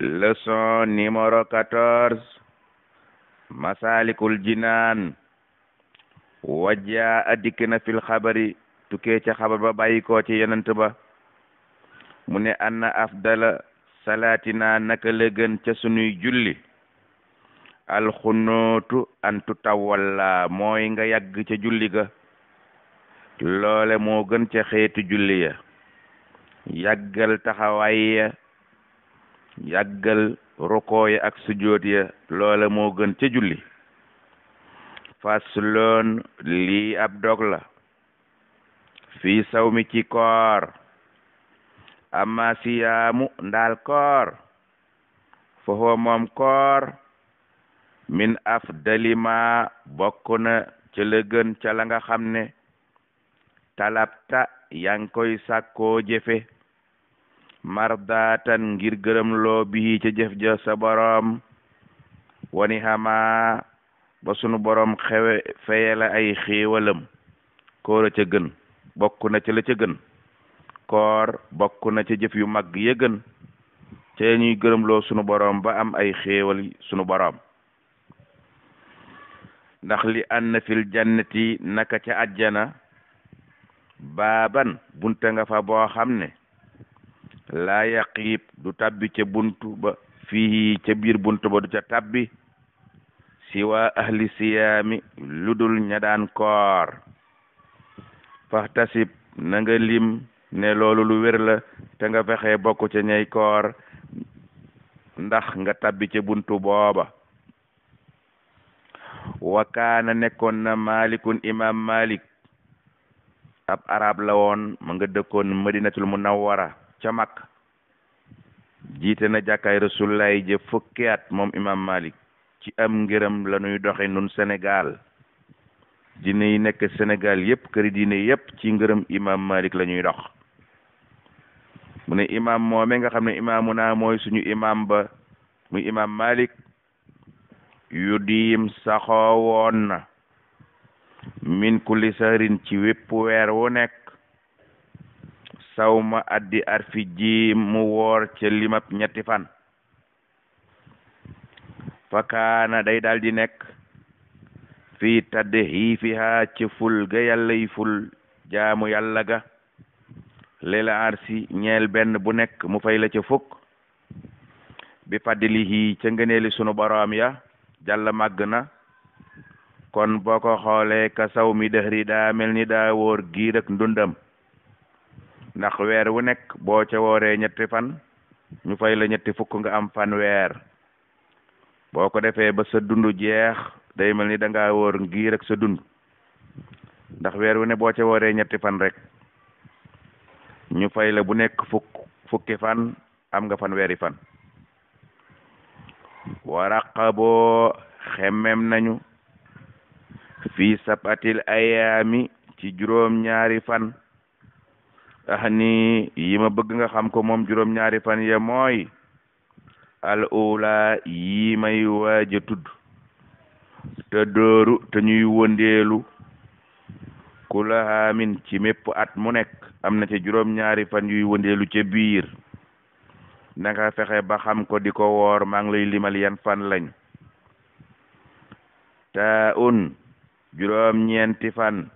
leçon numéro quatorze masalikul jinaan wajja a fil xabari tukkee ca xabar ba bàyyi ko ci yonent ba mu ne anna afdala salaatina naka la gën ca sunuy julli alxunootu an tutawalla mooy nga yàgg ca julli ga loole moo gën ca xeetu julli ya yàggal taxawaay ya yàggal rukoo ak sujoot ya loola moo gën ca julli fasloon lii ab dog la fii saw mi ci koor amma siyaamu ndaal koor foofu moom koor min af dalima bokk na ca la gën ca la nga xam ne talabta yaa ngi koy sàkkoo jëfe mardatan ngir gërëm loo bi ca jëf ja sa borom wani ba sunu boroom xewe feyela ay xéewalam koor a ca gën bokk na ca la ca gën koor bokk na ca jëf yu mag ya gën ca ñuy gërëm loo sunu borom ba am ay xéewal sunu borom ndax li an na fil jannati naka ca àjjana baaban bunta nga fa boo xam ne laa yaqiib du tabbi ca buntu ba fii ca biir buntu ba du ca tabbi siwa ahli siyaami ludul ña daan koor faxtasib na nga lim ne loolu lu wér la te nga fexe bokk ca ñay koor ndax nga tabbi ca buntu booba wa kaana nekkoon na malikun imam malik ab arab la woon ma nga dëkkoon madinatul wara ca Makka jiite na jàkkaay rasulullahi je fukki at moom imam Malik ci am ngërëm lañuy ñuy doxe nun Sénégal diine yi nekk Sénégal yépp këri diine yépp ci ngërëm imam Malik la dox mu ne imam moome nga xam ne imaamu naa mooy suñu imam ba muy imam Malik yu diim saxoo woon na min kulli sahrin ci wépp weer wu nekk sawma addi arfi jiim mu woor ca limab ñetti fan fakaana day daldi nekk fii tadde hiifi haa ci ful ga yàlla yi ful jaamu yàlla ga lela arsi ñeel benn bu nekk mu fay la ca fukk bi fadlihi ca ngëneeli sunu boroom ya jalla màgg na kon boo ko xoolee ka saw mi dëhri daa mel ni daa wóor giir ak ndundam ndax weer wu nekk boo ca wooree ñetti fan ñu fay ñetti fukk nga am fan weer boo ko defee ba sa dund jeex day mel ni da woor wóor ngir ak sa dund ndax weer wu ne boo ca wooree ñetti fan rek ñu fay la bu nekk fukk fukki fan am nga fan weeri fan waraqa boo xemmem nañu fii sabatil ayaami ci juróom ñaari fan axni yi ma bëgg nga xam ko moom juróom ñaari fan ya mooy al ula yi may waaja tudd te dooru te ñuy wëndeelu kula haamin ci mépp at mu nekk am na ci juróom ñaari fan yuy wëndeelu ca biir na nga fexe ba xam ko di ko woor maa ngi lay limal yan fan lañ taa un juróom ñeenti fan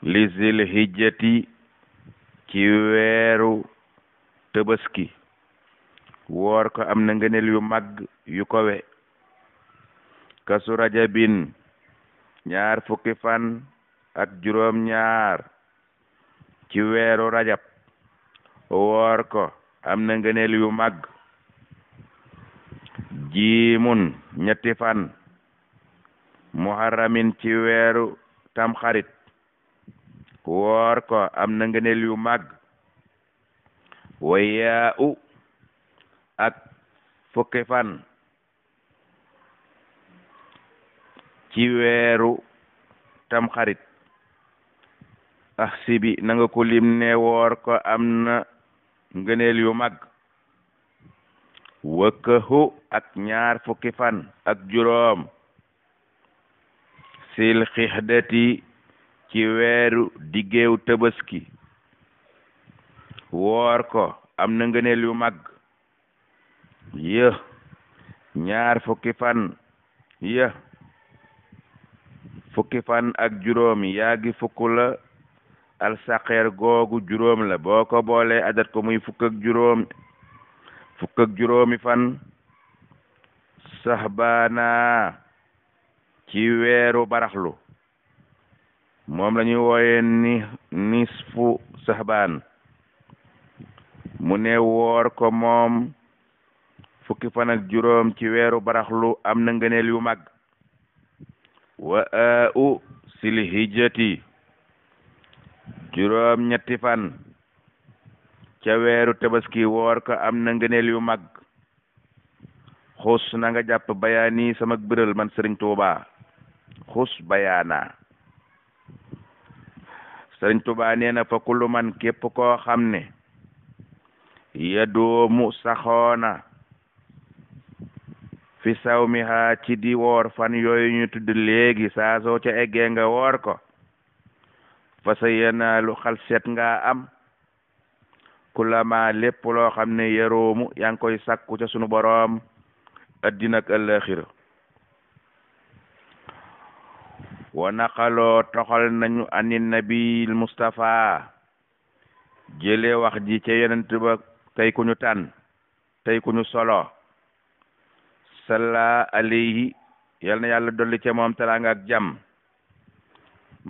li zil ci weeru tëbaski woor ko am na ngëneel yu mag yu kowe kasu rajabin ñaar fukki fan ak juróom ñaar ci weeru rajab woor ko am na ngëneel yu mag jiimun ñetti fan muharramin ci weeru tamxarit woor am na ngëneel yu màgg wayaa u ak fukki fan ci weeru tamxarit ax si bi na nga ko lim ne woor ko am na ngëneel yu mag wëkkëhu ak ñaar fukki fan ak juróom sil xixdati ci weeru diggeew tëbëski woor ko am na ngëneel yu mag yë ñaar fukki fan yë fukki fan ak juróom yaa gi fukk la alsaqeer googu juróom la boo ko boolee adat ko muy fukk ak juróom fukk ak juróomi fan saxbaana ci weeru baraxlu moom la ñuy wooyee ni nisfu saxbaan mu ne woor ko moom fukki fan juróom ci weeru baraxlu am na ngëneel yu mag wa u sil hijjati juróom ñetti fan ca weeru tabaski woor ko am na ngëneel yu mag xus nanga nga jàpp bayaani sama biral man sëriñ Tuuba xus bayaana sëriñ tubaa nee fa kullu man képp koo xam ne ya doomu saxoona fi saw mi haa ci di woor fan yooyu ñu tudd léegi saa soo ca eggee nga woor ko fa sa yenaalu xalset nga am kulama lépp loo xam ne yaroomu yaa ngi koy sakku ca sunu boroom addina ak àllaaxira wa naqaloo toxal nañu ani nabil mustafa jële wax ji ca yonent ba tey ku ñu tànn tey ku ñu solo salla alayhi yal na yàlla dolli ca moom teraanga ak jàmm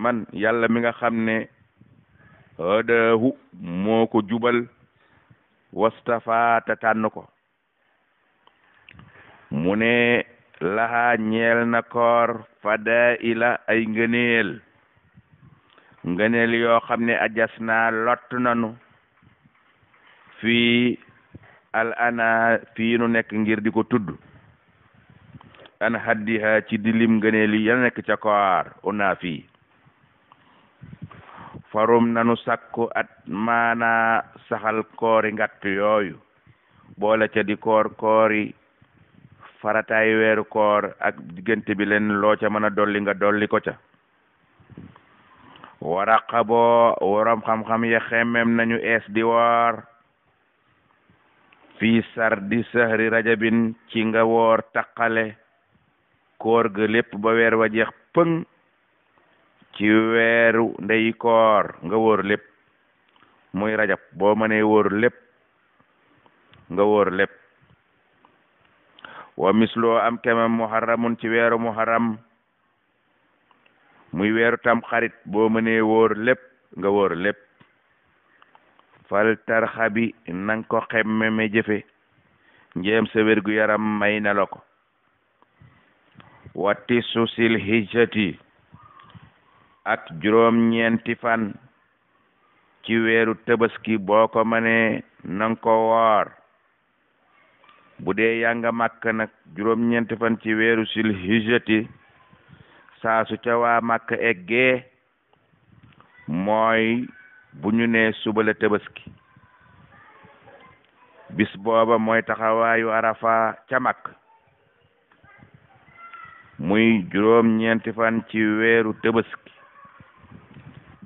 man yàlla mi nga xam ne hadahu moo ko jubal wastafa ta tànn ko mu ne laxaa ñeel na koor fadaa ila ay ngëneel ngëneel yoo xam ne ajas na lott nanu fii al fii nu nekk ngir di ko tudd an haddiha ci dilim ngëneel yi ya nekk ca koor una farum nanu sakku at maana saxal koori ngatt yooyu boole ca di koor koori farataayu weeru koor ak diggante bi leen loo ca mën a dolli nga dolli ko ca waraqa boo waroom xam-xam ya xemmem nañu ees di woor fii sar di sahri rajabin ci nga woor taqale koor ga lépp ba weer wa jeex pëng ci weeru ndey koor nga wóor lépp muy rajab boo mënee wóor lépp nga woor lépp wa misloo am kemam muharramun ci weeru muharram muy weeru tam xarit boo mënee wóor lépp nga wóor lépp fal tarxa bi nang ko xemme me jëfe njéem sa wérgu yaram may na la ko watti susil hijjati ak juróom ñeenti fan ci weeru tabaski boo ko mënee nang ko woor bu dee yaa makk màkk nag juróom-ñeenti fan ci weeru sil hijjati saa ca waa màkk eggee mooy bu ñu nee suba la tabaski bis booba mooy taxawaayu arafa ca màkk muy juróom-ñeenti fan ci weeru tabaski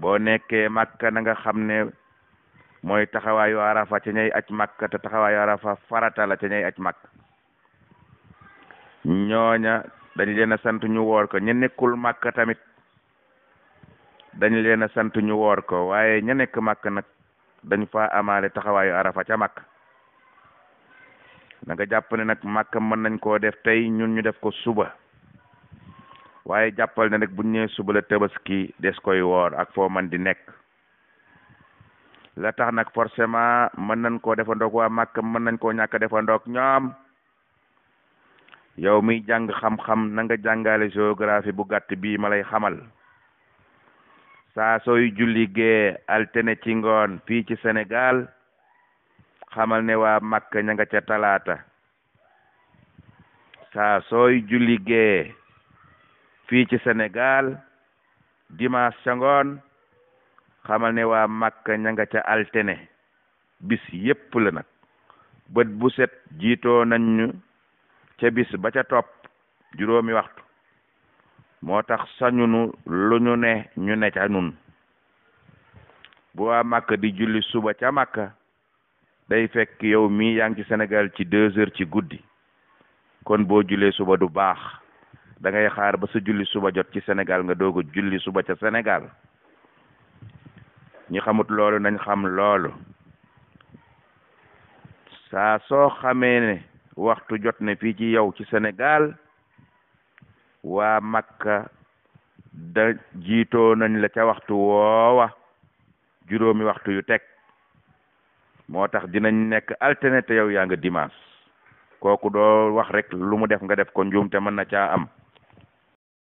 boo nekkee màkk na nga xam ne mooy taxawaayu arafa ca ñay aj màkk te taxawaayu arafa farata la ca ñay aj màkk ñooña dañ leen a sant ñu woor ko ña nekkul màkk tamit dañ leen a sant ñu woor ko waaye ña nekk màkk nag dañ fa amaale taxawaayu arafa ca màkk da nga jàpp ne nag màkk mën nañ koo def tey ñun ñu def ko suba waaye jàppal na nag buñ ñëwee suba la tabaski des koy woor ak foo man di nekk la tax nag forcément mën nañ koo defandoog waa Màkka mën nañ koo defa defandoog ñoom yow miy jàng xam-xam na nga jàngale géographie bu gàtt bii ma lay xamal saa sooy julli ci ngoon fii ci Sénégal xamal ne waa Màkka ña nga ca talaata saa sooy julli gee fii ci Sénégal dimanche ca ngoon xamal ne waa Makka ña nga ca altine bis yépp la nag bët bu set jiitoo nañ ca bis ba ca topp juróomi waxtu moo tax sañunu lu ñu ne ñu ne ca nun bu waa Makka di julli suba ca Makka day fekk yow mii yaa ci Sénégal ci deux ci guddi kon boo jullee suba du baax dangay xaar ba sa julli suba jot ci senegal nga doog julli suba ca Sénégal ñi xamut loolu nañ xam loolu saa soo xamee ne waxtu jot na fii ci yow ci Sénégal waa Makka da jiitoo nañ la ca waxtu woowa juróomi waxtu yu teg moo tax dinañ nekk altine te yow yaa nga dimanche kooku doo wax rek lu mu def nga def ko njuum te mën na caa am